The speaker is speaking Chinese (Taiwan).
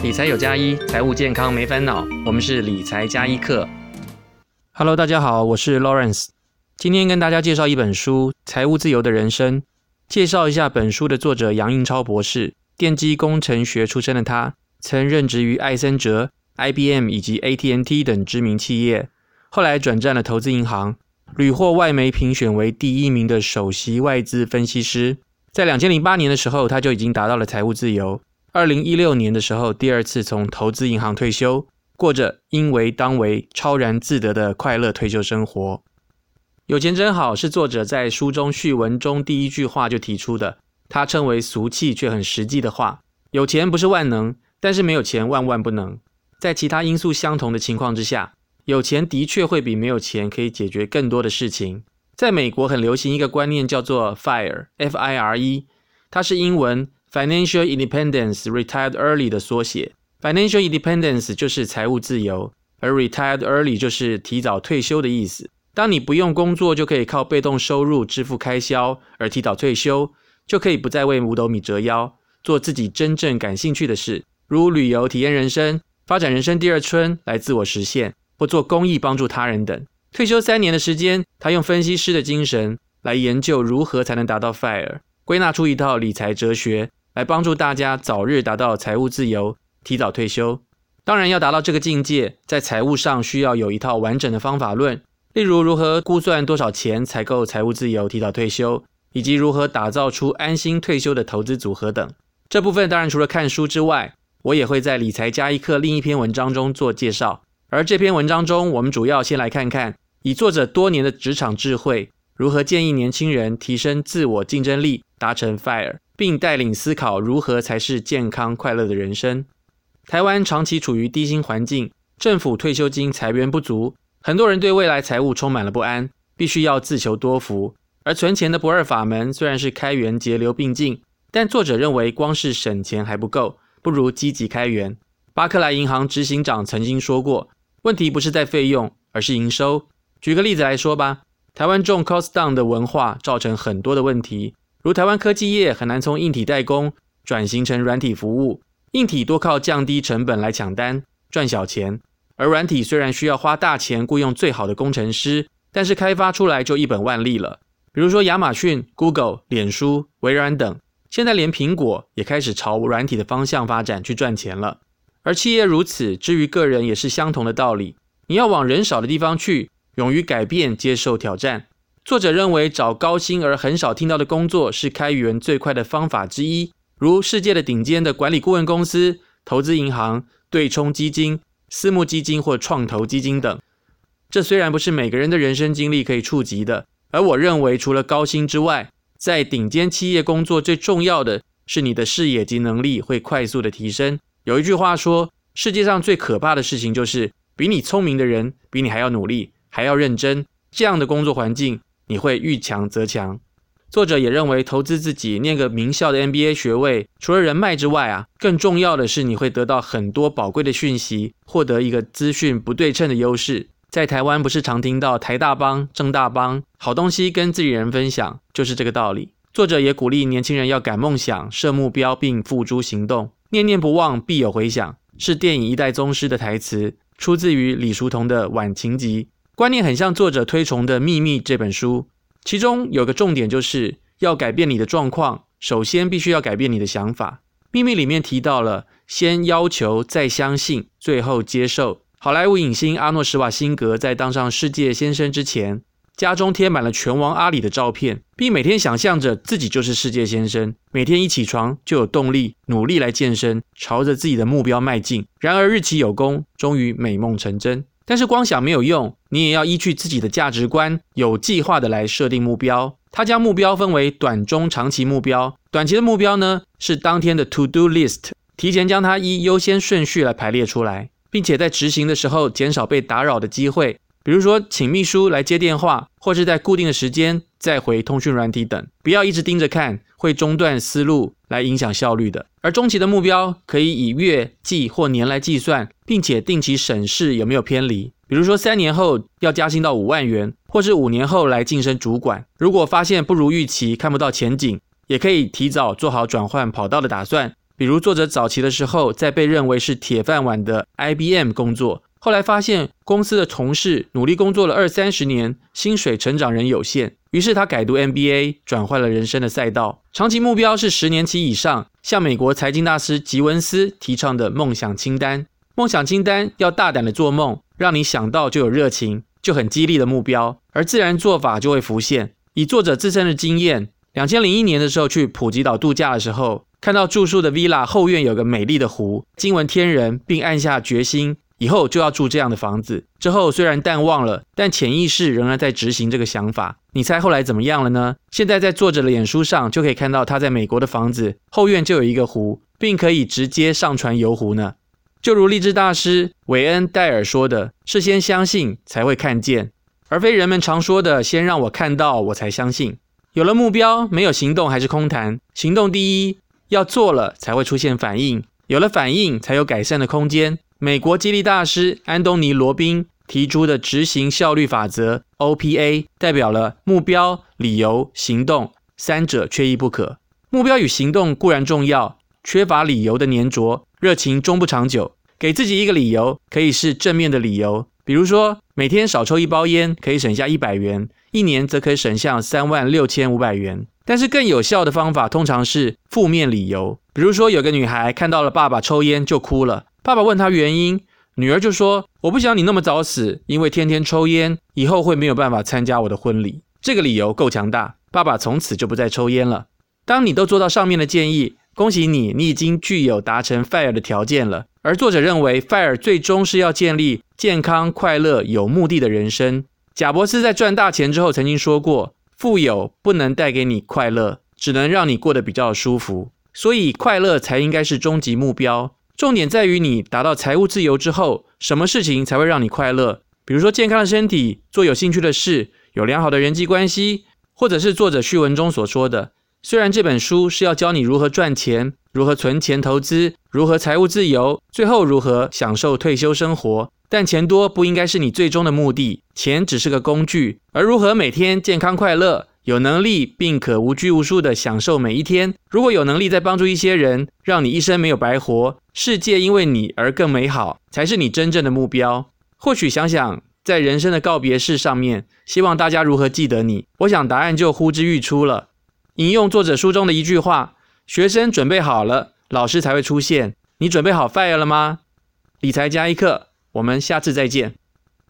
理財有加一，財務健康沒煩惱。我們是理財加一課。Hello，大家好，我是 Lawrence。今天跟大家介紹一本書《財務自由的人生》。介紹一下本書的作者楊應超博士。電機工程學出身的他，曾任職於艾森哲、IBM 以及 AT&T 等知名企業，後來轉戰了投資銀行，屢獲外媒評選為第一名的首席外資分析師。在2008年的時候，他就已經達到了財務自由。二零一六年的時候，第二次從投資銀行退休，過着因為當為超然自得的快樂退休生活。有錢真好，是作者在書中序文中第一句話就提出的。他稱為俗氣卻很實際的話：有錢不是萬能，但是沒有錢萬萬不能。在其他因素相同的情況之下，有錢的確會比沒有錢可以解決更多的事情。在美國很流行一個觀念，叫做 “FIRE”（F-I-R-E），它是英文。Financial Independence Retired Early 的縮寫，Financial Independence 就是財務自由，而 Retired Early 就是提早退休的意思。當你不用工作就可以靠被動收入支付開銷，而提早退休就可以不再為五斗米折腰，做自己真正感興趣的事，如旅遊、體驗人生、發展人生第二春，來自我實現，或做公益幫助他人等。退休三年的時間，他用分析師的精神來研究如何才能達到 FIRE，歸納出一套理財哲學。來幫助大家早日達到財務自由，提早退休。當然，要達到這個境界，在財務上需要有一套完整的方法論，例如如何估算多少錢才夠財務自由、提早退休，以及如何打造出安心退休的投資組合等。這部分當然除了看書之外，我也會在理財加一課另一篇文章中做介紹。而這篇文章中，我們主要先來看看，以作者多年的職場智慧，如何建議年輕人提升自我競爭力，達成 FIRE。並帶領思考如何才是健康快樂的人生。台灣長期處於低薪環境，政府退休金財源不足，很多人對未來財務充滿了不安，必須要自求多福。而存錢的不二法門雖然是開源節流並進，但作者認為光是省錢還不夠，不如積極開源。巴克萊銀行執行長曾經說過：“問題不是在費用，而是營收。”舉個例子來說吧，台灣重 cost down 的文化造成很多的問題。如台灣科技業很難從硬體代工轉型成軟體服務，硬體多靠降低成本來搶單賺小錢，而軟體雖然需要花大錢僱用最好的工程師，但是開發出來就一本萬利了。比如說亞馬遜、Google、臉書、微軟等，現在連蘋果也開始朝軟體的方向發展去賺錢了。而企業如此，之於個人也是相同的道理。你要往人少的地方去，勇於改變，接受挑戰。作者認為，找高薪而很少聽到的工作是開源最快的方法之一，如世界的頂尖的管理顧問公司、投資銀行、對沖基金、私募基金或創投基金等。這雖然不是每個人的人生經歷可以觸及的，而我認為，除了高薪之外，在頂尖企業工作最重要的是你的視野及能力會快速的提升。有一句話說，世界上最可怕的事情就是比你聰明的人比你還要努力、還要認真，這樣的工作環境。你會遇強則強。作者也認為，投資自己念個名校的 MBA 學位，除了人脈之外啊，更重要的是你會得到很多寶貴的訊息，獲得一個資訊不對稱的優勢。在台灣不是常聽到台大幫、政大幫，好東西跟自己人分享，就是這個道理。作者也鼓勵年輕人要敢夢想、設目標，並付諸行動。念念不忘，必有回響，是電影《一代宗師》的台詞，出自於李叔同的《晚晴集》。觀念很像作者推崇的《秘密》這本書，其中有一個重點就是要改變你的狀況，首先必須要改變你的想法。《秘密》裡面提到了先要求，再相信，最後接受。好萊塢影星阿諾·史瓦辛格在當上世界先生之前，家中貼滿了拳王阿里的照片，並每天想象着自己就是世界先生，每天一起床就有動力，努力來健身，朝着自己的目標邁進。然而日期有功，終於美夢成真。但是光想沒有用，你也要依據自己的價值觀，有計劃的來設定目標。他將目標分為短、中、長期目標。短期的目標呢，是當天的 To Do List，提前將它依優先順序來排列出來，並且在執行的時候減少被打擾的機會。比如說，請秘書來接電話，或是在固定的時間再回通訊軟體等，不要一直盯着看，會中斷思路。來影響效率的，而中期的目標可以以月、季或年來計算，並且定期審視有沒有偏離。比如說，三年後要加薪到五萬元，或是五年後來晉升主管。如果發現不如預期，看不到前景，也可以提早做好轉換跑道的打算。比如，作者早期的時候在被認為是鐵飯碗的 IBM 工作。後來發現，公司的同事努力工作了二三十年，薪水成長仍有限，於是他改讀 MBA，轉換了人生的賽道。長期目標是十年期以上。像美國財經大師吉文斯提倡的夢想清單，夢想清單要大膽的做夢，讓你想到就有熱情，就很激勵的目標，而自然做法就會浮現。以作者自身的經驗，兩千零一年的時候去普吉島度假的時候，看到住宿的 villa 後院有個美麗的湖，驚為天人，並暗下決心。以後就要住這樣的房子。之後雖然淡忘了，但潛意識仍然在執行這個想法。你猜後來怎麼樣了呢？現在在作者的臉書上就可以看到他在美國的房子後院就有一個湖，並可以直接上船遊湖呢。就如勵志大師韋恩戴爾說的：“事先相信才會看見，而非人們常說的‘先讓我看到，我才相信’。有了目標，沒有行動還是空談。行動第一，要做了才會出現反應，有了反應才有改善的空間。”美國激勵大師安東尼·羅賓提出的執行效率法則 OPA 代表了目標、理由、行動三者缺一不可。目標與行動固然重要，缺乏理由的黏着熱情終不長久。給自己一個理由，可以是正面的理由，比如說每天少抽一包菸，可以省下一百元，一年則可以省下三萬六千五百元。但是更有效的方法通常是負面理由，比如說有個女孩看到了爸爸抽菸就哭了。爸爸問他原因，女兒就說：“我不想你那麼早死，因為天天抽煙，以後會沒有辦法參加我的婚禮。”這個理由夠強大。爸爸從此就不再抽煙了。當你都做到上面的建議，恭喜你，你已經具有達成 FIRE 的條件了。而作者認為，FIRE 最終是要建立健康、快樂、有目的的人生。賈伯斯在賺大錢之後曾經說過：“富有不能帶給你快樂，只能讓你過得比較舒服，所以快樂才應該是終極目標。”重點在於你達到財務自由之後，什麼事情才會讓你快樂？比如說健康的身體，做有興趣的事，有良好的人際關係，或者是作者序文中所說的。雖然這本書是要教你如何賺錢，如何存錢投資，如何財務自由，最後如何享受退休生活，但錢多不應該是你最終的目的，錢只是個工具。而如何每天健康快樂，有能力並可無拘無束的享受每一天，如果有能力再幫助一些人，讓你一生沒有白活。世界因為你而更美好，才是你真正的目標。或許想想，在人生的告別式上面，希望大家如何記得你，我想答案就呼之欲出了。引用作者書中的一句話：“學生準備好了，老師才會出現。”你準備好 FIRE 了嗎？理財加一課，我們下次再見。